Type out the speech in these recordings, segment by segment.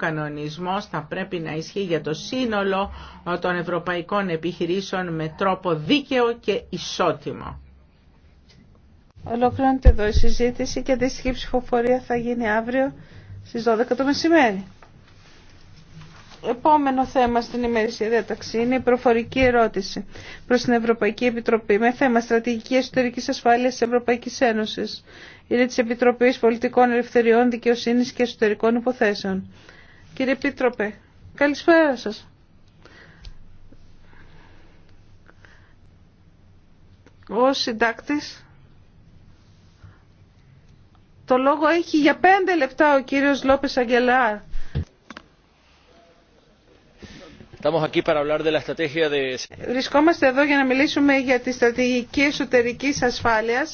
κανονισμός θα πρέπει να ισχύει για το σύνολο των ευρωπαϊκών επιχειρήσεων με τρόπο δίκαιο και ισότιμο. Ολοκληρώνεται εδώ η συζήτηση και αντίστοιχη ψηφοφορία θα γίνει αύριο στις 12 το μεσημέρι. Επόμενο θέμα στην ημερήσια διάταξη είναι η προφορική ερώτηση προ την Ευρωπαϊκή Επιτροπή με θέμα στρατηγική εσωτερική ασφάλεια τη Ευρωπαϊκή Ένωση. Είναι τη Επιτροπή Πολιτικών Ελευθεριών, Δικαιοσύνη και Εσωτερικών Υποθέσεων. Κύριε Επίτροπε, καλησπέρα σας. Ο συντάκτης. Το λόγο έχει για πέντε λεπτά ο κύριος Λόπες Αγγελάρ. Βρισκόμαστε εδώ για να μιλήσουμε για τη στρατηγική εσωτερική ασφάλεια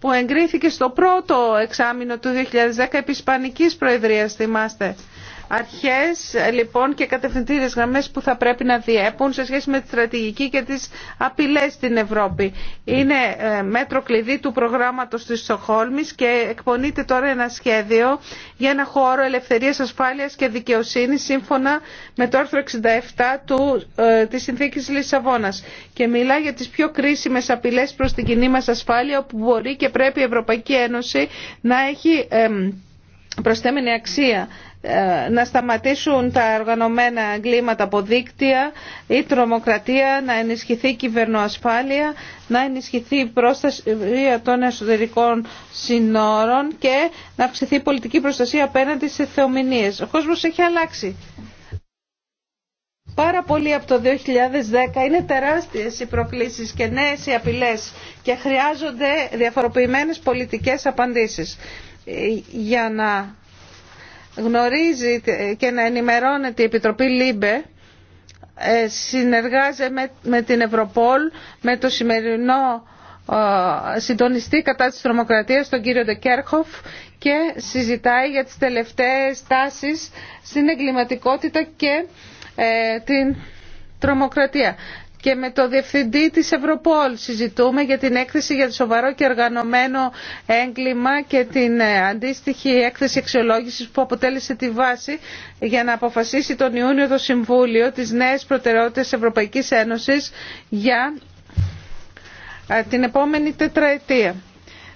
που εγκρίθηκε στο πρώτο εξάμεινο του 2010 επί Ισπανική Προεδρία, θυμάστε αρχές λοιπόν και κατευθυντήριες γραμμές που θα πρέπει να διέπουν σε σχέση με τη στρατηγική και τις απειλές στην Ευρώπη. Είναι ε, μέτρο κλειδί του προγράμματος της Σοχόλμης και εκπονείται τώρα ένα σχέδιο για ένα χώρο ελευθερίας, ασφάλειας και δικαιοσύνης σύμφωνα με το άρθρο 67 του, ε, της Συνθήκης Λισαβόνας και μιλά για τις πιο κρίσιμες απειλές προς την κοινή μας ασφάλεια όπου μπορεί και πρέπει η Ευρωπαϊκή Ένωση να έχει προσθέμενη αξία ε, να σταματήσουν τα οργανωμένα εγκλήματα από δίκτυα ή τρομοκρατία, να ενισχυθεί η κυβερνοασφάλεια, να ενισχυθεί η προστασία των εσωτερικών συνόρων και να αυξηθεί η πολιτική προστασία απέναντι σε θεομηνίες. Ο κόσμος έχει αλλάξει. Πάρα πολύ από το 2010 είναι τεράστιες οι προκλήσεις και νέες οι απειλές και χρειάζονται διαφοροποιημένες πολιτικές απαντήσεις για να γνωρίζει και να ενημερώνεται η Επιτροπή ΛΥΜΠΕ ε, συνεργάζεται με την Ευρωπόλ, με το σημερινό ε, συντονιστή κατά της τρομοκρατίας, τον κύριο Ντεκέρχοφ και συζητάει για τις τελευταίες τάσεις στην εγκληματικότητα και ε, την τρομοκρατία και με το Διευθυντή της Ευρωπόλ συζητούμε για την έκθεση για το σοβαρό και οργανωμένο έγκλημα και την ε, αντίστοιχη έκθεση αξιολόγηση που αποτέλεσε τη βάση για να αποφασίσει τον Ιούνιο το Συμβούλιο τις νέες προτεραιότητες Ευρωπαϊκής Ένωσης για ε, την επόμενη τετραετία.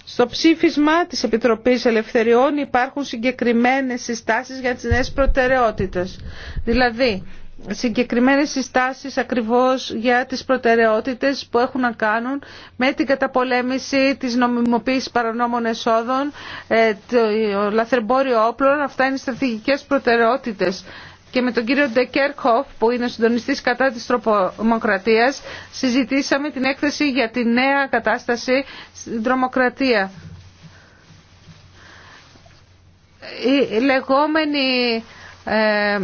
Στο ψήφισμα της Επιτροπής Ελευθεριών υπάρχουν συγκεκριμένες συστάσεις για τις νέες προτεραιότητες. Δηλαδή, συγκεκριμένες συστάσεις ακριβώς για τις προτεραιότητες που έχουν να κάνουν με την καταπολέμηση της νομιμοποίησης παρανόμων εσόδων, ε, το λαθρεμπόριο όπλων, αυτά είναι στρατηγικές προτεραιότητες. Και με τον κύριο Ντεκέρχοφ που είναι συντονιστής κατά της τρομοκρατίας συζητήσαμε την έκθεση για τη νέα κατάσταση στην τρομοκρατία. Η λεγόμενη ε,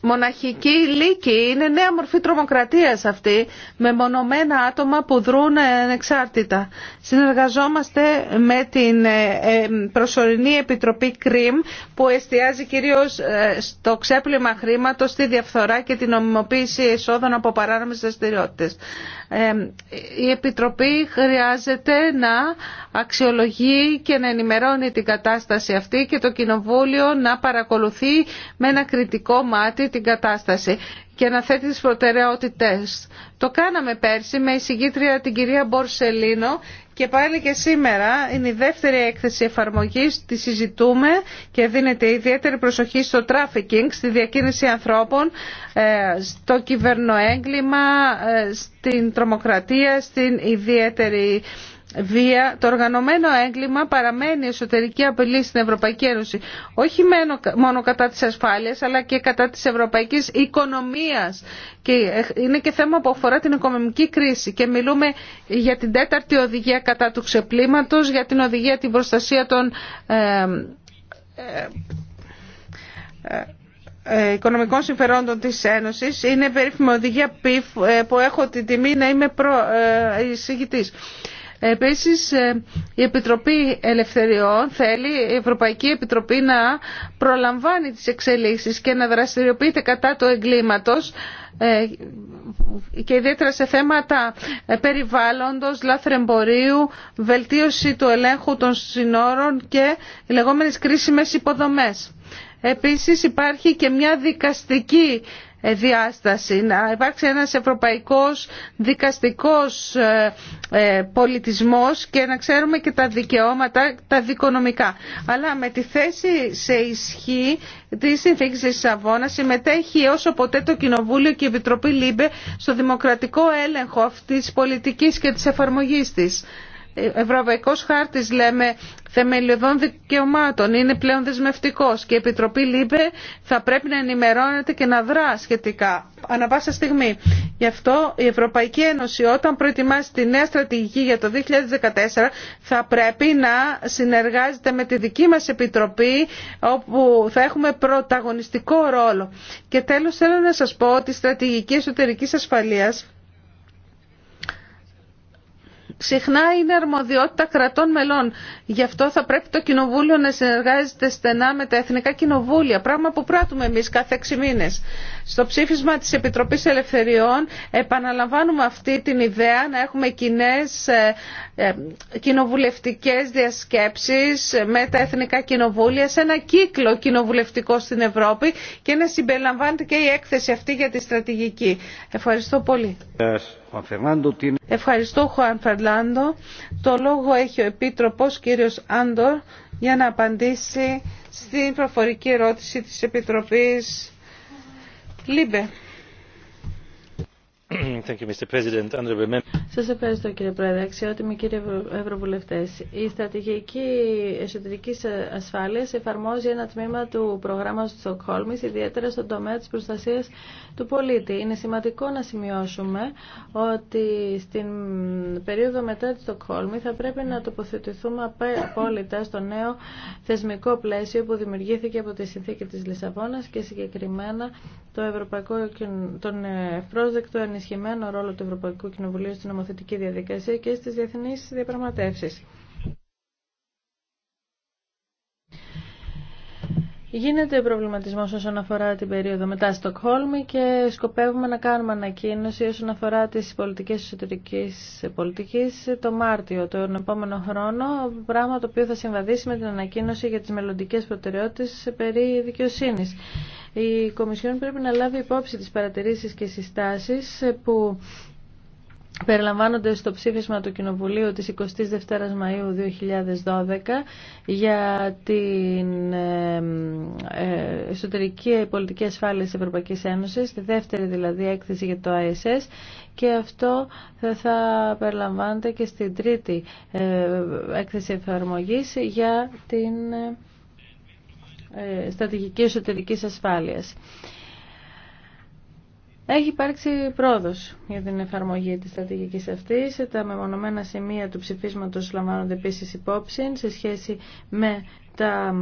μοναχική λύκη. Είναι νέα μορφή τρομοκρατίας αυτή, με μονομένα άτομα που δρούν εξάρτητα. Συνεργαζόμαστε με την ε, ε, προσωρινή Επιτροπή ΚΡΙΜ, που εστιάζει κυρίως ε, στο ξέπλυμα χρήματος, στη διαφθορά και την νομιμοποίηση εσόδων από παράνομες δραστηριότητε. Η Επιτροπή χρειάζεται να αξιολογεί και να ενημερώνει την κατάσταση αυτή και το Κοινοβούλιο να παρακολουθεί με ένα κριτικό μάτι την κατάσταση και να θέτει τις προτεραιότητες. Το κάναμε πέρσι με εισηγήτρια την κυρία Μπορσελίνο και πάλι και σήμερα είναι η δεύτερη έκθεση εφαρμογής, τη συζητούμε και δίνεται ιδιαίτερη προσοχή στο τράφικινγκ, στη διακίνηση ανθρώπων, ε, στο κυβερνοέγκλημα, ε, στην τρομοκρατία, στην ιδιαίτερη βία, το οργανωμένο έγκλημα παραμένει εσωτερική απειλή στην Ευρωπαϊκή Ένωση. Όχι μόνο κατά της ασφάλειας, αλλά και κατά της ευρωπαϊκής οικονομίας. Και ε, είναι και θέμα που αφορά την οικονομική κρίση. Και μιλούμε για την τέταρτη οδηγία κατά του ξεπλήματος, για την οδηγία την προστασία των... Ε, ε, ε οικονομικών συμφερόντων της Ένωσης. Είναι περίφημη οδηγία που έχω την τιμή να είμαι προ, Επίσης, ε, η Επιτροπή Ελευθεριών θέλει η Ευρωπαϊκή Επιτροπή να προλαμβάνει τις εξελίξεις και να δραστηριοποιείται κατά του εγκλήματος ε, και ιδιαίτερα σε θέματα ε, περιβάλλοντος, λάθρεμπορίου, βελτίωση του ελέγχου των συνόρων και οι λεγόμενες κρίσιμες υποδομές. Επίσης υπάρχει και μια δικαστική διάσταση, να υπάρξει ένας ευρωπαϊκός δικαστικός ε, ε, πολιτισμός και να ξέρουμε και τα δικαιώματα, τα δικονομικά. Αλλά με τη θέση σε ισχύ της συνθήκης της Σαββόνα συμμετέχει όσο ποτέ το Κοινοβούλιο και η Επιτροπή Λίμπε στο δημοκρατικό έλεγχο αυτής της πολιτικής και της εφαρμογής της. Ευρωπαϊκό χάρτης λέμε θεμελιωδών δικαιωμάτων είναι πλέον δεσμευτικό. και η Επιτροπή ΛΥΠΕ θα πρέπει να ενημερώνεται και να δρά σχετικά ανά πάσα στιγμή. Γι' αυτό η Ευρωπαϊκή Ένωση όταν προετοιμάσει τη νέα στρατηγική για το 2014 θα πρέπει να συνεργάζεται με τη δική μας Επιτροπή όπου θα έχουμε πρωταγωνιστικό ρόλο. Και τέλος θέλω να σας πω ότι η στρατηγική εσωτερική ασφαλείας συχνά είναι αρμοδιότητα κρατών μελών. Γι' αυτό θα πρέπει το Κοινοβούλιο να συνεργάζεται στενά με τα Εθνικά Κοινοβούλια, πράγμα που πράττουμε εμεί κάθε έξι μήνε. Στο ψήφισμα της Επιτροπής Ελευθεριών επαναλαμβάνουμε αυτή την ιδέα να έχουμε κοινέ ε, ε, κοινοβουλευτικές διασκέψεις με τα Εθνικά Κοινοβούλια σε ένα κύκλο κοινοβουλευτικό στην Ευρώπη και να συμπεριλαμβάνεται και η έκθεση αυτή για τη στρατηγική. Ευχαριστώ πολύ. Ευχαριστώ, Χωάν Φερνάντο. Το λόγο έχει ο Επίτροπος, κύριος Άντορ, για να απαντήσει στην προφορική ερώτηση της Επιτροπής ΛΥΜΠΕ. Σας ευχαριστώ κύριε Πρόεδρε. Αξιότιμοι κύριοι Ευρωβουλευτές. Η στρατηγική Εσωτερικής Ασφάλειας εφαρμόζει ένα τμήμα του προγράμματος του Στοκχόλμης, ιδιαίτερα στον τομέα της προστασίας του πολίτη. Είναι σημαντικό να σημειώσουμε ότι στην περίοδο μετά τη Στοκχόλμη θα πρέπει να τοποθετηθούμε απόλυτα στο νέο θεσμικό πλαίσιο που δημιουργήθηκε από τη συνθήκη της Λισαβόνας και συγκεκριμένα το Ευρωπαϊκό, τον ε, ευπρόσδεκτο ενισχυμένο ρόλο του Ευρωπαϊκού Κοινοβουλίου στην νομοθετική διαδικασία και στις διεθνείς διαπραγματεύσεις. Γίνεται προβληματισμό όσον αφορά την περίοδο μετά Στοκχόλμη και σκοπεύουμε να κάνουμε ανακοίνωση όσον αφορά τι πολιτικέ εσωτερική πολιτική το Μάρτιο, τον επόμενο χρόνο. Πράγμα το οποίο θα συμβαδίσει με την ανακοίνωση για τι μελλοντικέ προτεραιότητε περί δικαιοσύνη. Η Κομισιόν πρέπει να λάβει υπόψη τις παρατηρήσεις και συστάσεις που περιλαμβάνονται στο ψήφισμα του Κοινοβουλίου της 22 Μαΐου 2012 για την ε, εσωτερική πολιτική ασφάλεια της Ευρωπαϊκής Ένωσης, τη δεύτερη δηλαδή έκθεση για το ISS και αυτό θα περιλαμβάνεται και στην τρίτη ε, έκθεση εφαρμογής για την ε, ε, στρατηγική εσωτερική ασφάλειας. Έχει υπάρξει πρόοδος για την εφαρμογή της στρατηγικής αυτής. Τα μεμονωμένα σημεία του ψηφίσματος λαμβάνονται επίσης υπόψη σε σχέση με τα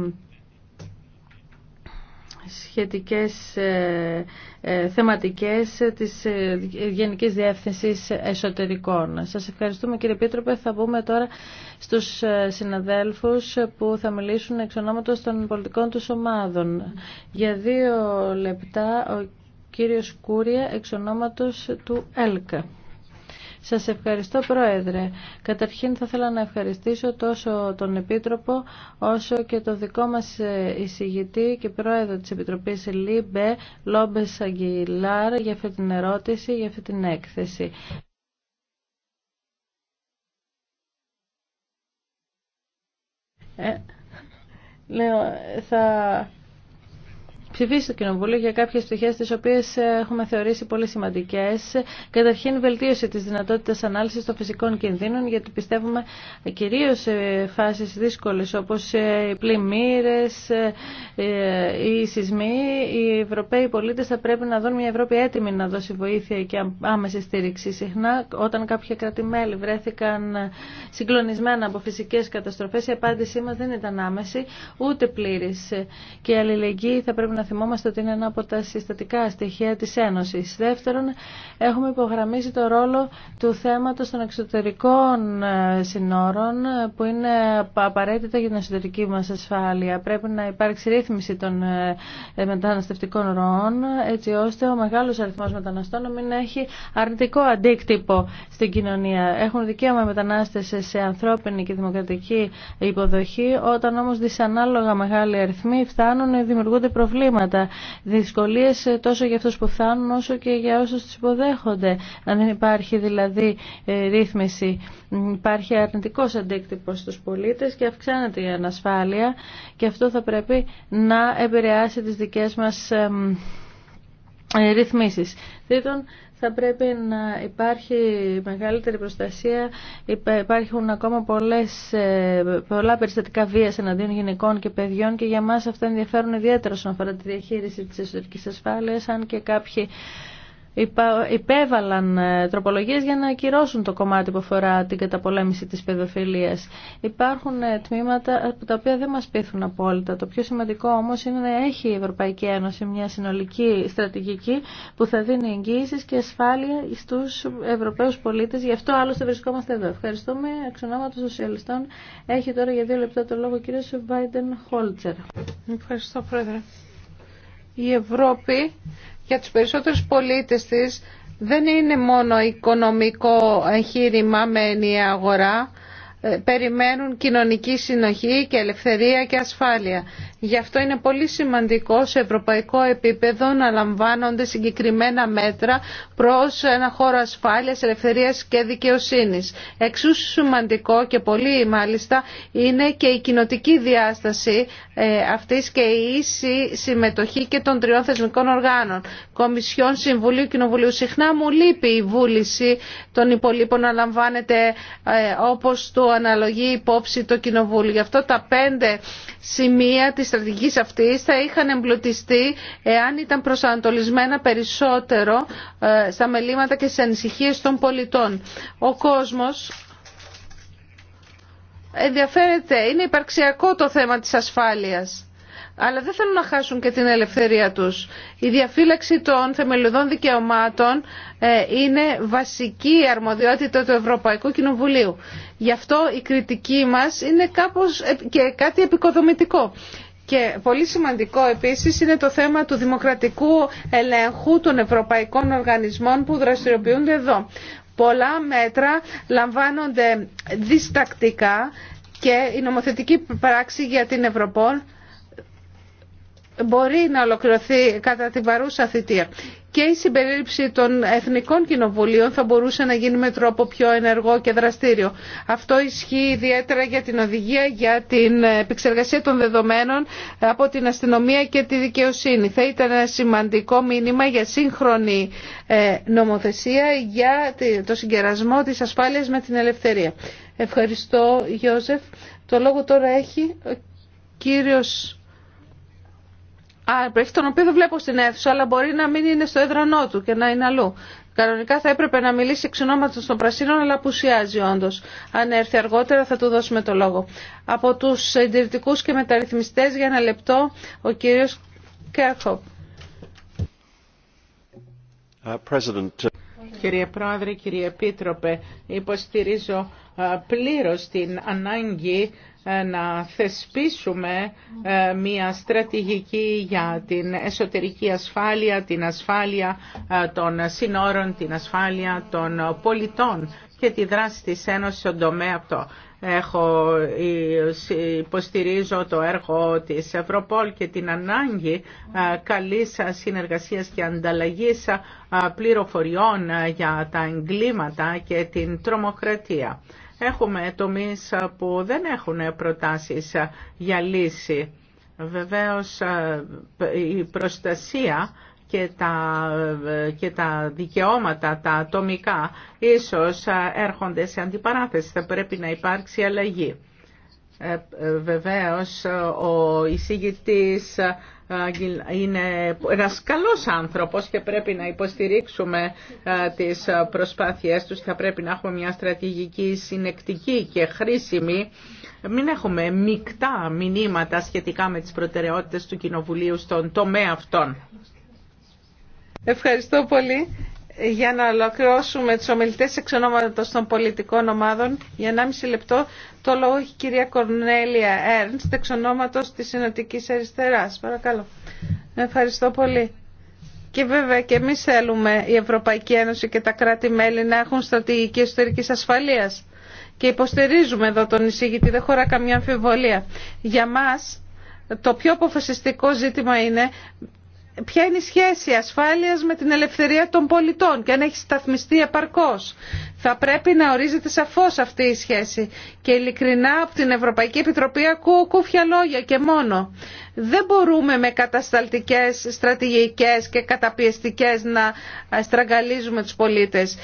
σχετικές ε, ε, θεματικές της ε, Γενικής Διεύθυνσης Εσωτερικών. Σας ευχαριστούμε κύριε Πίτροπε. Θα μπούμε τώρα στους συναδέλφους που θα μιλήσουν εξ ονόματος των πολιτικών τους ομάδων. Για δύο λεπτά ο κύριος Κούρια εξ του ΕΛΚΑ. Σας ευχαριστώ Πρόεδρε. Καταρχήν θα ήθελα να ευχαριστήσω τόσο τον Επίτροπο όσο και το δικό μας ε, εισηγητή και Πρόεδρο της Επιτροπής ΛΥΜΠΕ, Λόμπες Αγγιλάρ, για αυτή την ερώτηση, για αυτή την έκθεση. Ε, λέω, ψηφίσει το Κοινοβούλιο για κάποιε πτυχές τι οποίε ε, έχουμε θεωρήσει πολύ σημαντικέ. Καταρχήν βελτίωση τη δυνατότητα ανάλυση των φυσικών κινδύνων γιατί πιστεύουμε κυρίω σε φάσει δύσκολε όπω ε, οι πλημμύρες, ε, οι σεισμοί. Οι Ευρωπαίοι πολίτε θα πρέπει να δουν μια Ευρώπη έτοιμη να δώσει βοήθεια και άμεση στήριξη. Συχνά όταν κάποια κρατημέλη βρέθηκαν συγκλονισμένα από φυσικέ καταστροφέ. η απάντησή μα δεν ήταν άμεση ούτε πλήρη. και η αλληλεγγύη θα πρέπει να θυμόμαστε ότι είναι ένα από τα συστατικά στοιχεία της Ένωσης. Δεύτερον, έχουμε υπογραμμίσει το ρόλο του θέματος των εξωτερικών ε, συνόρων που είναι απαραίτητα για την εσωτερική μας ασφάλεια. Πρέπει να υπάρξει ρύθμιση των ε, ε, μεταναστευτικών ροών έτσι ώστε ο μεγάλος αριθμός μεταναστών να μην έχει αρνητικό αντίκτυπο στην κοινωνία. Έχουν δικαίωμα οι μετανάστες σε ανθρώπινη και δημοκρατική υποδοχή όταν όμως δυσανάλογα μεγάλοι αριθμοί φτάνουν δημιουργούνται προβλήματα προβλήματα, δυσκολίες ε, τόσο για αυτού που φτάνουν όσο και για όσους τους υποδέχονται. Να δεν υπάρχει δηλαδή ε, ρύθμιση, υπάρχει αρνητικό αντίκτυπο στου πολίτες και αυξάνεται η ανασφάλεια και αυτό θα πρέπει να επηρεάσει τις δικές μας ε, ρυθμίσεις. Τρίτον, θα πρέπει να υπάρχει μεγαλύτερη προστασία. Υπάρχουν ακόμα πολλές, ε, πολλά περιστατικά βία εναντίον γυναικών και παιδιών και για μας αυτά ενδιαφέρουν ιδιαίτερα όσον αφορά τη διαχείριση της εσωτερικής ασφάλειας, αν και κάποιοι υπέβαλαν ε, τροπολογίες για να ακυρώσουν το κομμάτι που αφορά την καταπολέμηση της παιδοφιλίας. Υπάρχουν ε, τμήματα ε, τα οποία δεν μας πείθουν απόλυτα. Το πιο σημαντικό όμως είναι να έχει η Ευρωπαϊκή Ένωση μια συνολική στρατηγική που θα δίνει εγγύησεις και ασφάλεια στους Ευρωπαίους πολίτες. Γι' αυτό άλλωστε βρισκόμαστε εδώ. Ευχαριστούμε. Εξ σοσιαλιστών έχει τώρα για δύο λεπτά το λόγο ο κύριος Βάιντεν Χόλτσερ. Ευχαριστώ Πρόεδρε. Η Ευρώπη για τους περισσότερους πολίτες της δεν είναι μόνο οικονομικό εγχείρημα με ενιαία αγορά ε, περιμένουν κοινωνική συνοχή και ελευθερία και ασφάλεια. Γι' αυτό είναι πολύ σημαντικό σε ευρωπαϊκό επίπεδο να λαμβάνονται συγκεκριμένα μέτρα προς ένα χώρο ασφάλειας, ελευθερίας και δικαιοσύνης. Εξούσου σημαντικό και πολύ μάλιστα είναι και η κοινοτική διάσταση ε, αυτής και η ίση συμμετοχή και των τριών θεσμικών οργάνων. Κομισιόν, Συμβουλίου, Κοινοβουλίου. Συχνά μου λείπει η βούληση των υπολείπων να λαμβάνεται ε, όπως που αναλογεί υπόψη το Κοινοβούλιο. Γι' αυτό τα πέντε σημεία της στρατηγικής αυτής θα είχαν εμπλουτιστεί εάν ήταν προσανατολισμένα περισσότερο ε, στα μελήματα και στις ανησυχίες των πολιτών. Ο κόσμος ενδιαφέρεται, είναι υπαρξιακό το θέμα της ασφάλειας αλλά δεν θέλουν να χάσουν και την ελευθερία τους. Η διαφύλαξη των θεμελιωδών δικαιωμάτων ε, είναι βασική αρμοδιότητα του Ευρωπαϊκού Κοινοβουλίου. Γι' αυτό η κριτική μας είναι κάπως και κάτι επικοδομητικό. Και πολύ σημαντικό επίσης είναι το θέμα του δημοκρατικού ελέγχου των ευρωπαϊκών οργανισμών που δραστηριοποιούνται εδώ. Πολλά μέτρα λαμβάνονται διστακτικά και η νομοθετική πράξη για την Ευρωπόλ μπορεί να ολοκληρωθεί κατά την παρούσα θητεία. Και η συμπερίληψη των εθνικών κοινοβουλίων θα μπορούσε να γίνει με τρόπο πιο ενεργό και δραστήριο. Αυτό ισχύει ιδιαίτερα για την οδηγία για την επεξεργασία των δεδομένων από την αστυνομία και τη δικαιοσύνη. Θα ήταν ένα σημαντικό μήνυμα για σύγχρονη ε, νομοθεσία για το συγκερασμό της ασφάλειας με την ελευθερία. Ευχαριστώ Γιώζεφ. Το λόγο τώρα έχει ο κύριος Άλμπρεχτ, τον οποίο δεν βλέπω στην αίθουσα, αλλά μπορεί να μην είναι στο έδρανό του και να είναι αλλού. Κανονικά θα έπρεπε να μιλήσει εξ ονόματο των Πρασίνων, αλλά απουσιάζει όντω. Αν έρθει αργότερα θα του δώσουμε το λόγο. Από του συντηρητικού και μεταρρυθμιστέ, για ένα λεπτό, ο κύριο Κέρχοπ. Uh, uh, κύριε Πρόεδρε, κύριε Επίτροπε, υποστηρίζω ε, πλήρως την ανάγκη ε, να θεσπίσουμε ε, μια στρατηγική για την εσωτερική ασφάλεια, την ασφάλεια των συνόρων, την ασφάλεια των πολιτών και τη δράση της Ένωσης στον τομέα αυτό. Έχω, υποστηρίζω το έργο της Ευρωπόλ και την ανάγκη καλής συνεργασίας και ανταλλαγής πληροφοριών για τα εγκλήματα και την τρομοκρατία. Έχουμε τομείς που δεν έχουν προτάσεις για λύση. Βεβαίως ε, η προστασία και τα, ε, και τα δικαιώματα τα ατομικά ίσως ε, έρχονται σε αντιπαράθεση. Θα πρέπει να υπάρξει αλλαγή. Ε, ε, βεβαίως ο εισηγητής ε, είναι ένας καλός άνθρωπος και πρέπει να υποστηρίξουμε ε, τις προσπάθειές τους. Θα πρέπει να έχουμε μια στρατηγική συνεκτική και χρήσιμη. Μην έχουμε μικτά μηνύματα σχετικά με τις προτεραιότητες του Κοινοβουλίου στον τομέα αυτών. Ευχαριστώ πολύ για να ολοκληρώσουμε τους ομιλητές εξ ονόματος των πολιτικών ομάδων για 1,5 λεπτό το λόγο έχει η κυρία Κορνέλια Έρνστ εξ ονόματος της Συνοτικής Αριστεράς. Παρακαλώ. Ευχαριστώ πολύ. Και βέβαια και εμείς θέλουμε η Ευρωπαϊκή Ένωση και τα κράτη-μέλη να έχουν στρατηγική εσωτερική ασφαλείας. Και υποστηρίζουμε εδώ τον εισηγητή, δεν χωρά καμιά αμφιβολία. Για μας το πιο αποφασιστικό ζήτημα είναι ποια είναι η σχέση ασφάλειας με την ελευθερία των πολιτών και αν έχει σταθμιστεί επαρκώς. Θα πρέπει να ορίζεται σαφώς αυτή η σχέση και ειλικρινά από την Ευρωπαϊκή Επιτροπή ακούω κούφια λόγια και μόνο. Δεν μπορούμε με κατασταλτικές στρατηγικές και καταπιεστικές να στραγγαλίζουμε τους πολίτες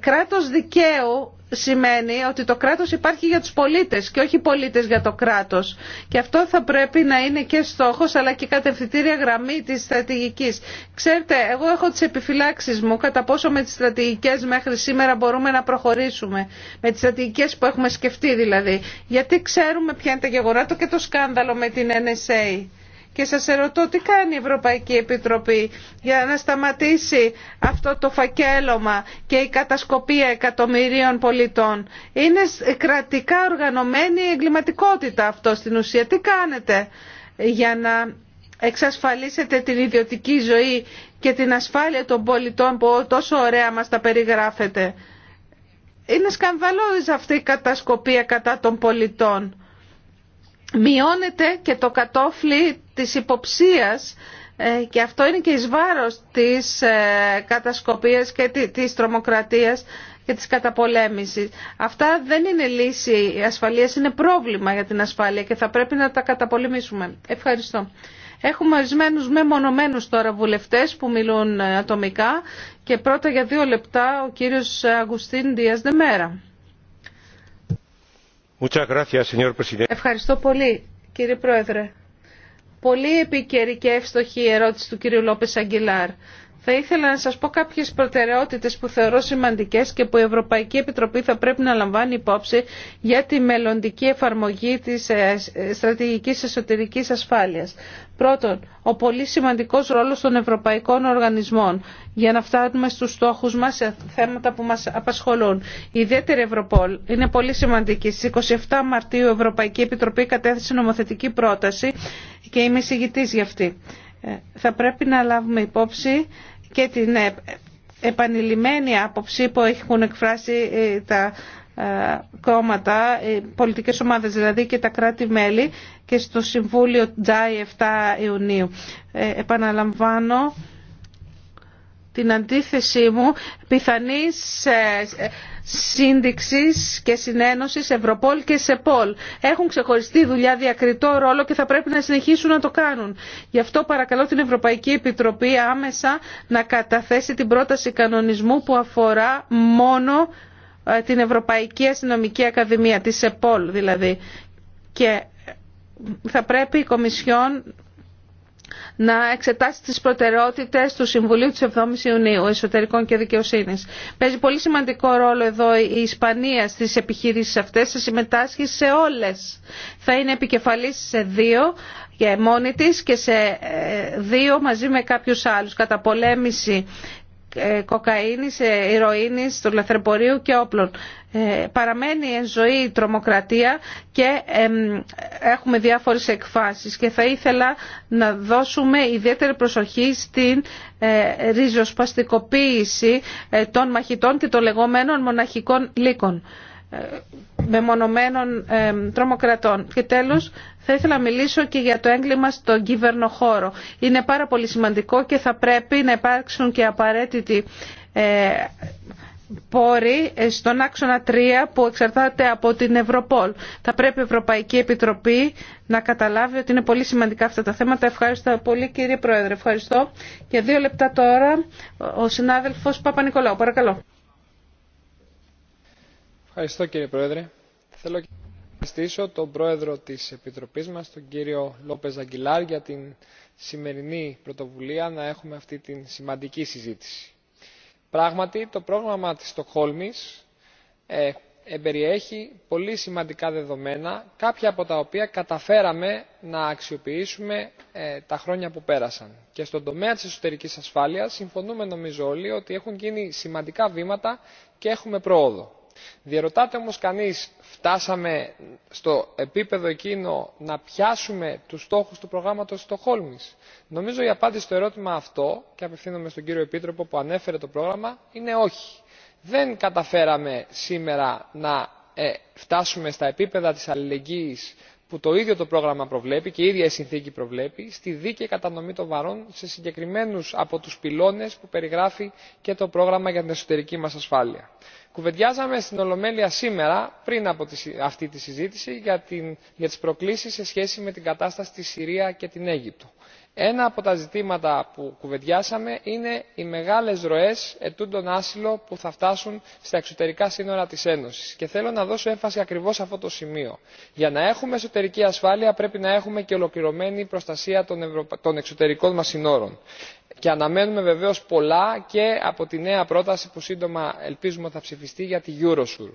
κράτος δικαίου σημαίνει ότι το κράτος υπάρχει για τους πολίτες και όχι πολίτες για το κράτος. Και αυτό θα πρέπει να είναι και στόχος αλλά και κατευθυντήρια γραμμή της στρατηγικής. Ξέρετε, εγώ έχω τις επιφυλάξεις μου κατά πόσο με τις στρατηγικές μέχρι σήμερα μπορούμε να προχωρήσουμε. Με τις στρατηγικές που έχουμε σκεφτεί δηλαδή. Γιατί ξέρουμε ποια είναι τα γεγονότα και το σκάνδαλο με την NSA. Και σας ερωτώ τι κάνει η Ευρωπαϊκή Επιτροπή για να σταματήσει αυτό το φακέλωμα και η κατασκοπία εκατομμυρίων πολιτών. Είναι κρατικά οργανωμένη εγκληματικότητα αυτό στην ουσία. Τι κάνετε για να εξασφαλίσετε την ιδιωτική ζωή και την ασφάλεια των πολιτών που τόσο ωραία μας τα περιγράφετε. Είναι σκανδαλώδης αυτή η κατασκοπία κατά των πολιτών μειώνεται και το κατόφλι της υποψίας ε, και αυτό είναι και εις βάρος της ε, κατασκοπίας και της τρομοκρατίας και της καταπολέμησης. Αυτά δεν είναι λύση ασφαλείας, είναι πρόβλημα για την ασφάλεια και θα πρέπει να τα καταπολεμήσουμε. Ευχαριστώ. Έχουμε ορισμένου μεμονωμένου τώρα βουλευτέ που μιλούν ε, ατομικά και πρώτα για δύο λεπτά ο κύριο Αγουστίν Δία Δεμέρα. Ευχαριστώ πολύ κύριε Πρόεδρε. Πολύ επικαιρή και εύστοχη η ερώτηση του κύριου Λόπες Αγγιλάρ. Θα ήθελα να σας πω κάποιες προτεραιότητες που θεωρώ σημαντικές και που η Ευρωπαϊκή Επιτροπή θα πρέπει να λαμβάνει υπόψη για τη μελλοντική εφαρμογή της ε, στρατηγικής εσωτερικής ασφάλειας. Πρώτον, ο πολύ σημαντικός ρόλος των ευρωπαϊκών οργανισμών για να φτάνουμε στους στόχους μας σε θέματα που μας απασχολούν. Η ιδιαίτερη Ευρωπόλ είναι πολύ σημαντική. Στις 27 Μαρτίου η Ευρωπαϊκή Επιτροπή κατέθεσε νομοθετική πρόταση και είμαι συγητής για αυτή. Ε, θα πρέπει να λάβουμε υπόψη και την ε, επανειλημμένη άποψη που έχουν εκφράσει ε, τα ε, κόμματα, πολιτικές ομάδες δηλαδή και τα κράτη-μέλη και στο Συμβούλιο Τζάι 7 Ιουνίου. επαναλαμβάνω την αντίθεσή μου πιθανής ε, σύνδεξης και συνένωσης Ευρωπόλ και ΣΕΠΟΛ. Έχουν ξεχωριστή δουλειά διακριτό ρόλο και θα πρέπει να συνεχίσουν να το κάνουν. Γι' αυτό παρακαλώ την Ευρωπαϊκή Επιτροπή άμεσα να καταθέσει την πρόταση κανονισμού που αφορά μόνο ε, την Ευρωπαϊκή Αστυνομική Ακαδημία, τη ΣΕΠΟΛ δηλαδή. Και θα πρέπει η Κομισιόν να εξετάσει τις προτεραιότητες του Συμβουλίου της 7ης Ιουνίου Εσωτερικών και Δικαιοσύνης. Παίζει πολύ σημαντικό ρόλο εδώ η Ισπανία στις επιχειρήσεις αυτές, θα συμμετάσχει σε όλες. Θα είναι επικεφαλής σε δύο και μόνη της και σε ε, δύο μαζί με κάποιους άλλους. κατά πολέμηση ε, κοκαίνης, ε, ηρωίνης, του λαθρεπορίου και όπλων. Ε, παραμένει εν ζωή η τρομοκρατία και έχουμε διάφορες εκφάσεις και θα ήθελα να δώσουμε ιδιαίτερη προσοχή στην ριζοσπαστικοποίηση των μαχητών και των λεγόμενων μοναχικών λύκων μεμονωμένων τρομοκρατών. Και τέλος, θα ήθελα να μιλήσω και για το έγκλημα στον κυβερνοχώρο. Είναι πάρα πολύ σημαντικό και θα πρέπει να υπάρξουν και απαραίτητοι ε, πόροι ε, στον άξονα 3 που εξαρτάται από την Ευρωπόλ. Θα πρέπει η Ευρωπαϊκή Επιτροπή να καταλάβει ότι είναι πολύ σημαντικά αυτά τα θέματα. Ευχαριστώ πολύ κύριε Πρόεδρε. Ευχαριστώ. Και δύο λεπτά τώρα ο συνάδελφος Παπα-Νικολάου. Παρακαλώ. Ευχαριστώ κύριε Πρόεδρε. Θέλω και να ευχαριστήσω τον πρόεδρο της Επιτροπής μας, τον κύριο Λόπεζ Αγγιλάρ, για την σημερινή πρωτοβουλία να έχουμε αυτή την σημαντική συζήτηση. Πράγματι, το πρόγραμμα της Στοκχόλμης ε, εμπεριέχει πολύ σημαντικά δεδομένα, κάποια από τα οποία καταφέραμε να αξιοποιήσουμε ε, τα χρόνια που πέρασαν. Και στον τομέα της εσωτερικής ασφάλειας συμφωνούμε νομίζω όλοι ότι έχουν γίνει σημαντικά βήματα και έχουμε πρόοδο. Διερωτάται όμως κανείς, φτάσαμε στο επίπεδο εκείνο να πιάσουμε τους στόχους του προγράμματος Στοχόλμης. Νομίζω η απάντηση στο ερώτημα αυτό, και απευθύνομαι στον κύριο Επίτροπο που ανέφερε το πρόγραμμα, είναι όχι. Δεν καταφέραμε σήμερα να ε, φτάσουμε στα επίπεδα της αλληλεγγύης που το ίδιο το πρόγραμμα προβλέπει και η ίδια η συνθήκη προβλέπει στη δίκαιη κατανομή των βαρών σε συγκεκριμένους από τους πυλώνες που περιγράφει και το πρόγραμμα για την εσωτερική μας ασφάλεια. Κουβεντιάζαμε στην Ολομέλεια σήμερα, πριν από αυτή τη συζήτηση, για τις προκλήσεις σε σχέση με την κατάσταση στη Συρία και την Αίγυπτο ένα από τα ζητήματα που κουβεντιάσαμε είναι οι μεγάλες ροές ετούντων άσυλο που θα φτάσουν στα εξωτερικά σύνορα της ένωσης και θέλω να δώσω έμφαση ακριβώς σε αυτό το σημείο. για να έχουμε εσωτερική ασφάλεια πρέπει να έχουμε και ολοκληρωμένη προστασία των εξωτερικών μας συνόρων και αναμένουμε βεβαίως πολλά και από τη νέα πρόταση που σύντομα ελπίζουμε θα ψηφιστεί για τη eurosur.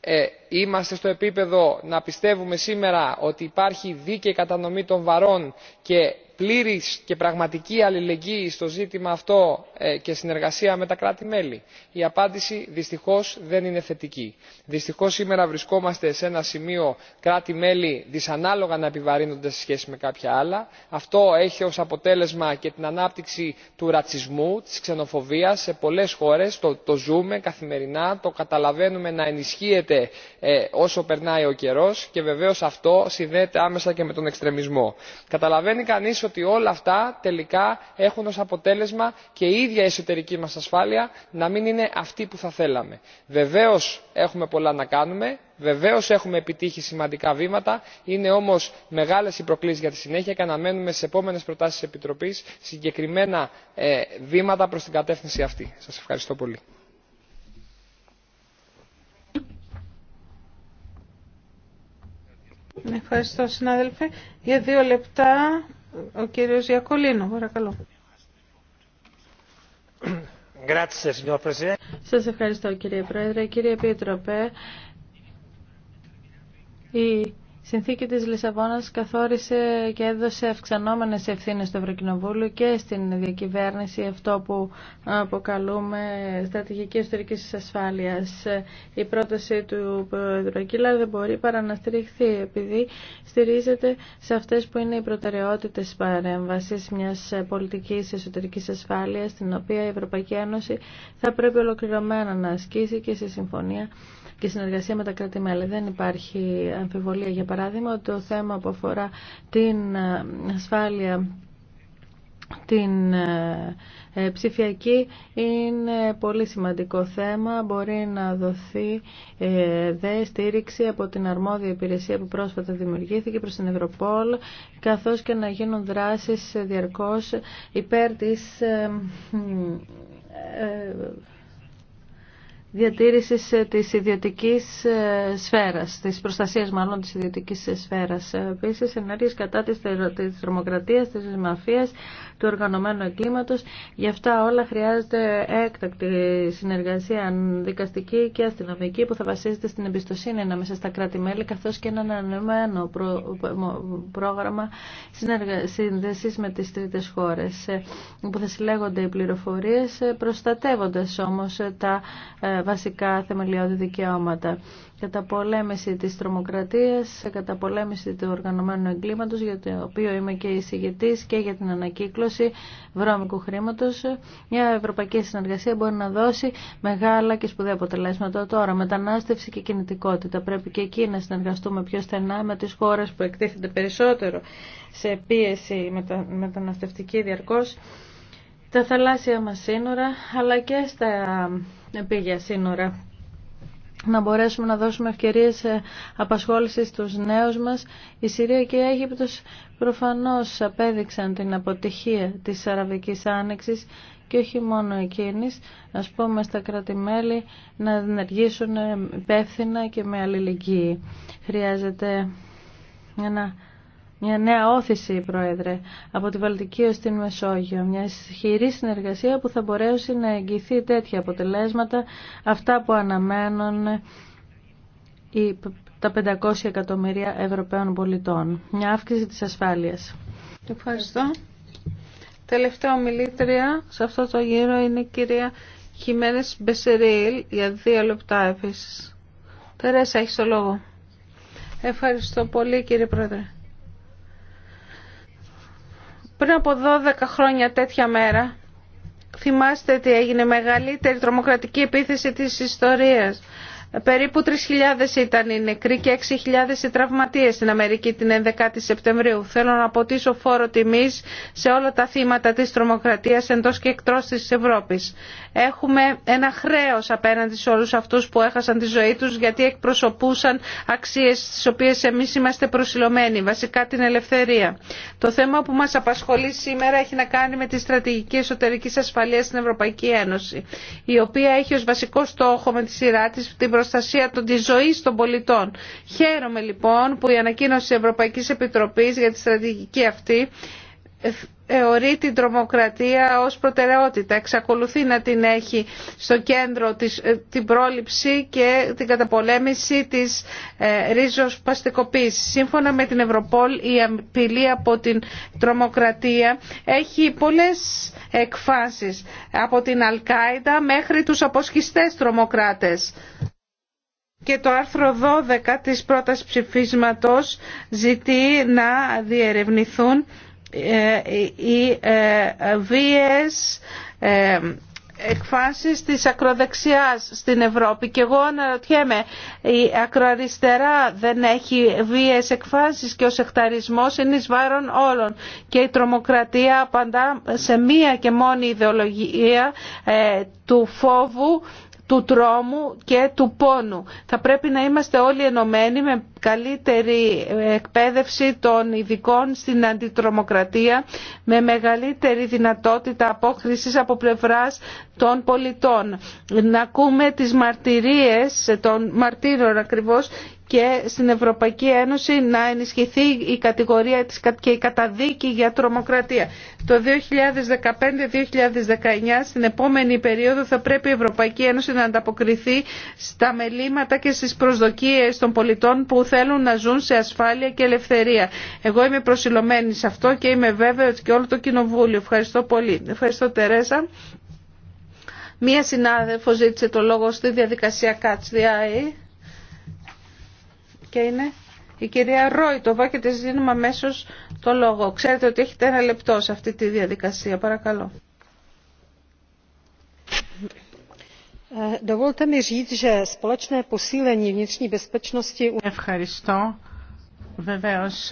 Ε, είμαστε στο επίπεδο να πιστεύουμε σήμερα ότι υπάρχει δίκαιη κατανομή των βαρών και πλήρης και πραγματική αλληλεγγύη στο ζήτημα αυτό ε, και συνεργασία με τα κράτη μέλη. η απάντηση δυστυχώς δεν είναι θετική. δυστυχώς σήμερα βρισκόμαστε σε ένα σημείο κράτη μέλη δυσανάλογα να επιβαρύνονται σε σχέση με κάποια άλλα. αυτό έχει ως αποτέλεσμα και την ανάπτυξη του ρατσισμού της ξενοφοβίας σε πολλές χώρες το, το ζούμε καθημερινά το καταλαβαίνουμε να ενισχύεται ε, όσο περνάει ο καιρός και βεβαίω αυτό συνδέεται άμεσα και με τον εξτρεμισμό. καταλαβαίνει κανείς ότι όλα αυτά τελικά έχουν ως αποτέλεσμα και η ίδια η εσωτερική μας ασφάλεια να μην είναι αυτή που θα θέλαμε. Βεβαίως έχουμε πολλά να κάνουμε, βεβαίως έχουμε επιτύχει σημαντικά βήματα, είναι όμως μεγάλες οι προκλήσεις για τη συνέχεια και αναμένουμε στις επόμενες προτάσεις της Επιτροπής συγκεκριμένα ε, βήματα προς την κατεύθυνση αυτή. Σας ευχαριστώ πολύ. Ευχαριστώ συνάδελφε. Για δύο λεπτά ο κύριος Γιακολίνο, παρακαλώ. Σας ευχαριστώ κύριε Πρόεδρε. Κύριε Επίτροπε, συνθήκη της Λισαβόνας καθόρισε και έδωσε αυξανόμενες ευθύνες στο Ευρωκοινοβούλιο και στην διακυβέρνηση αυτό που αποκαλούμε στρατηγική ιστορικής ασφάλειας. Η πρόταση του Πρόεδρου δεν μπορεί παρά να στηριχθεί επειδή στηρίζεται σε αυτές που είναι οι προτεραιότητες παρέμβασης μιας πολιτικής εσωτερικής ασφάλειας την οποία η Ευρωπαϊκή Ένωση θα πρέπει ολοκληρωμένα να ασκήσει και σε συμφωνία και συνεργασία με τα κράτη-μέλη. Δεν υπάρχει αμφιβολία, για παράδειγμα, ότι το θέμα που αφορά την ε, ασφάλεια την ε, ε, ψηφιακή είναι πολύ σημαντικό θέμα. Μπορεί να δοθεί δε στήριξη από την αρμόδια υπηρεσία που πρόσφατα δημιουργήθηκε προς την Ευρωπόλ, καθώς και να γίνουν δράσεις διαρκώς υπέρ της διατήρησης ε, της ιδιωτικής ε, σφαίρας, της προστασίας μάλλον της ιδιωτικής ε, σφαίρας. Επίσης, ενέργειες κατά της θερμοκρατίας, της μαφίας, του οργανωμένου εγκλήματος. Γι' αυτά όλα χρειάζεται έκτακτη συνεργασία δικαστική και αστυνομική που θα βασίζεται στην εμπιστοσύνη ανάμεσα στα κράτη-μέλη καθώς και ένα ανανεωμένο πρόγραμμα σύνδεση με τις τρίτες χώρες που θα συλλέγονται οι πληροφορίες προστατεύοντας όμως τα βασικά θεμελιώδη δικαιώματα. Κατά τη της τρομοκρατίας, πολέμηση του οργανωμένου εγκλήματος, για το οποίο είμαι και εισηγητή και για την ανακύκλωση βρώμικου χρήματος. Μια ευρωπαϊκή συνεργασία μπορεί να δώσει μεγάλα και σπουδαία αποτελέσματα. Τώρα, μετανάστευση και κινητικότητα. Πρέπει και εκεί να συνεργαστούμε πιο στενά με τις χώρες που εκτίθενται περισσότερο σε πίεση μεταναστευτική διαρκώς στα θαλάσσια μας σύνορα αλλά και στα επίγεια σύνορα να μπορέσουμε να δώσουμε ευκαιρίες ε, απασχόλησης στους νέους μας. Η Συρία και η Αίγυπτος προφανώς απέδειξαν την αποτυχία της Αραβικής Άνοιξης και όχι μόνο εκείνης, ας πούμε στα κρατημέλη να ενεργήσουν ε, υπεύθυνα και με αλληλεγγύη. Χρειάζεται ένα μια νέα όθηση, Πρόεδρε, από τη Βαλτική ως την Μεσόγειο. Μια ισχυρή συνεργασία που θα μπορέσει να εγγυηθεί τέτοια αποτελέσματα, αυτά που αναμένουν οι, τα 500 εκατομμύρια Ευρωπαίων πολιτών. Μια αύξηση της ασφάλειας. Ευχαριστώ. Τελευταία ομιλήτρια σε αυτό το γύρο είναι η κυρία Χιμένες Μπεσερίλ για δύο λεπτά επίσης. Τερέσα, έχεις το λόγο. Ευχαριστώ πολύ κύριε Πρόεδρε. Πριν από 12 χρόνια τέτοια μέρα, θυμάστε τι έγινε, μεγαλύτερη τρομοκρατική επίθεση της ιστορίας Περίπου 3.000 ήταν οι νεκροί και 6.000 οι τραυματίε στην Αμερική την 11η Σεπτεμβρίου. Θέλω να αποτίσω φόρο τιμή σε όλα τα θύματα τη τρομοκρατία εντό και εκτό τη Ευρώπη. Έχουμε ένα χρέο απέναντι σε όλου αυτού που έχασαν τη ζωή του γιατί εκπροσωπούσαν αξίε στι οποίε εμεί είμαστε προσιλωμένοι, βασικά την ελευθερία. Το θέμα που μα απασχολεί σήμερα έχει να κάνει με τη στρατηγική εσωτερική ασφαλεία στην Ευρωπαϊκή Ένωση, η οποία έχει ω βασικό στόχο με τη σειρά τη, προστασία της ζωής των πολιτών. Χαίρομαι λοιπόν που η ανακοίνωση της Ευρωπαϊκής Επιτροπής για τη στρατηγική αυτή θεωρεί την τρομοκρατία ως προτεραιότητα. Εξακολουθεί να την έχει στο κέντρο της, ε, την πρόληψη και την καταπολέμηση της ε, ρίζος Σύμφωνα με την Ευρωπόλ η απειλή από την τρομοκρατία έχει πολλές εκφάσεις από την Αλκάιδα μέχρι τους αποσχιστές τρομοκράτες και το άρθρο 12 της πρώτας ψηφίσματος ζητεί να διερευνηθούν ε, οι ε, βίες ε, εκφάσεις της ακροδεξιάς στην Ευρώπη και εγώ αναρωτιέμαι η ακροαριστερά δεν έχει βίες εκφάνσεις και ο σεχταρισμός είναι εις βάρον όλων και η τρομοκρατία απαντά σε μία και μόνη ιδεολογία του φόβου του τρόμου και του πόνου. Θα πρέπει να είμαστε όλοι ενωμένοι με καλύτερη εκπαίδευση των ειδικών στην αντιτρομοκρατία, με μεγαλύτερη δυνατότητα απόκρισης από πλευράς των πολιτών. Να ακούμε τις μαρτυρίες των μαρτύρων ακριβώς και στην Ευρωπαϊκή Ένωση να ενισχυθεί η κατηγορία και η καταδίκη για τρομοκρατία. Το 2015-2019 στην επόμενη περίοδο θα πρέπει η Ευρωπαϊκή Ένωση να ανταποκριθεί στα μελήματα και στις προσδοκίες των πολιτών που θέλουν να ζουν σε ασφάλεια και ελευθερία. Εγώ είμαι προσιλωμένη σε αυτό και είμαι βέβαιο ότι και όλο το Κοινοβούλιο. Ευχαριστώ πολύ. Ευχαριστώ Τερέσα. Μία συνάδελφο ζήτησε το λόγο στη διαδικασία ΚΑΤΣΔΙΑΗ και είναι η κυρία Ρόιτοβα και τη δίνουμε αμέσω το λόγο. Ξέρετε ότι έχετε ένα λεπτό σε αυτή τη διαδικασία. Παρακαλώ. Ευχαριστώ. Βεβαίως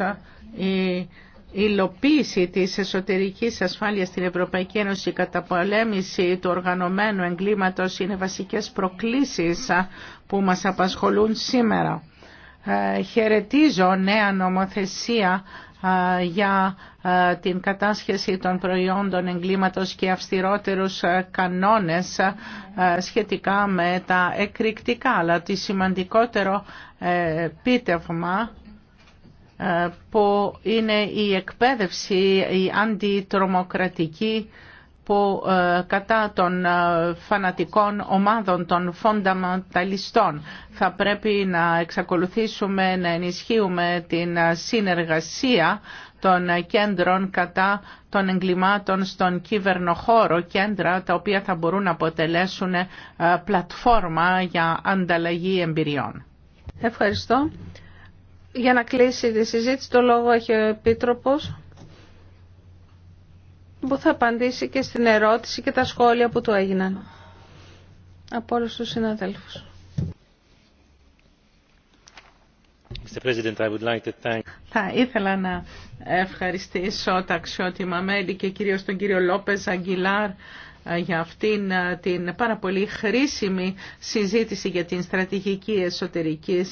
η υλοποίηση της εσωτερικής ασφάλειας στην Ευρωπαϊκή Ένωση κατά πολέμηση του οργανωμένου εγκλήματος είναι βασικές προκλήσεις που μας απασχολούν σήμερα. Ε, χαιρετίζω νέα νομοθεσία ε, για ε, την κατάσχεση των προϊόντων εγκλήματος και αυστηρότερους κανόνες σχετικά με τα εκρηκτικά. Αλλά το σημαντικότερο πίτευμα που είναι η εκπαίδευση, η αντιτρομοκρατική που ε, κατά των ε, φανατικών ομάδων των φονταμανταλιστών. Θα πρέπει να εξακολουθήσουμε να ενισχύουμε την ε, συνεργασία των κέντρων κατά των εγκλημάτων στον κυβερνοχώρο, κέντρα τα οποία θα μπορούν να αποτελέσουν πλατφόρμα για ανταλλαγή εμπειριών. Ευχαριστώ. Για να κλείσει τη συζήτηση, το λόγο έχει ο Επίτροπος που θα απαντήσει και στην ερώτηση και τα σχόλια που του έγιναν από όλους τους συναδέλφους. Θα ήθελα να ευχαριστήσω τα αξιότιμα μέλη και κυρίως τον κύριο Λόπεζ Αγγιλάρ ε, για αυτήν ε, την πάρα πολύ χρήσιμη συζήτηση για την στρατηγική εσωτερική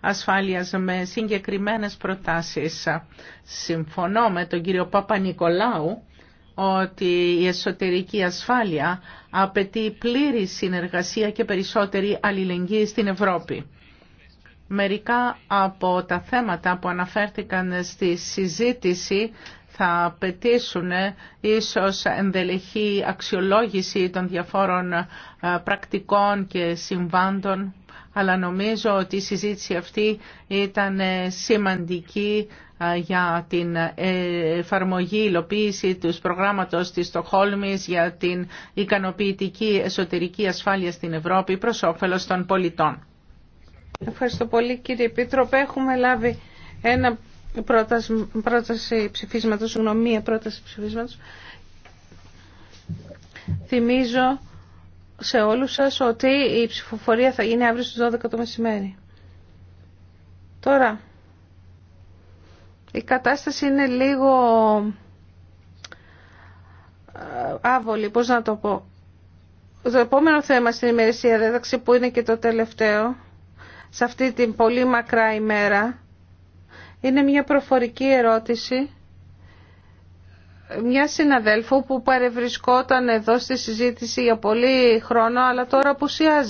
ασφάλειας με συγκεκριμένες προτάσεις. Συμφωνώ με τον κύριο Παπα-Νικολάου ότι η εσωτερική ασφάλεια απαιτεί πλήρη συνεργασία και περισσότερη αλληλεγγύη στην Ευρώπη. Μερικά από τα θέματα που αναφέρθηκαν στη συζήτηση θα απαιτήσουν ίσως ενδελεχή αξιολόγηση των διαφόρων πρακτικών και συμβάντων αλλά νομίζω ότι η συζήτηση αυτή ήταν ε, σημαντική για την ε, εφαρμογή, υλοποίηση του προγράμματος της Στοχόλμης για την ικανοποιητική εσωτερική ασφάλεια στην Ευρώπη προς όφελος των πολιτών. Ευχαριστώ πολύ κύριε Επίτροπε. Έχουμε λάβει ένα πρόταση, πρόταση ψηφίσματος, πρόταση ψηφίσματος. Θυμίζω σε όλους σας ότι η ψηφοφορία θα γίνει αύριο στις 12 το μεσημέρι. Τώρα η κατάσταση είναι λίγο ε, άβολη, πώς να το πω. Το επόμενο θέμα στην ημερησία δέταξη που είναι και το τελευταίο, σε αυτή την πολύ μακρά ημέρα, είναι μια προφορική ερώτηση μια συναδέλφου που παρευρισκόταν εδώ στη συζήτηση για πολύ χρόνο, αλλά τώρα απουσιάζει.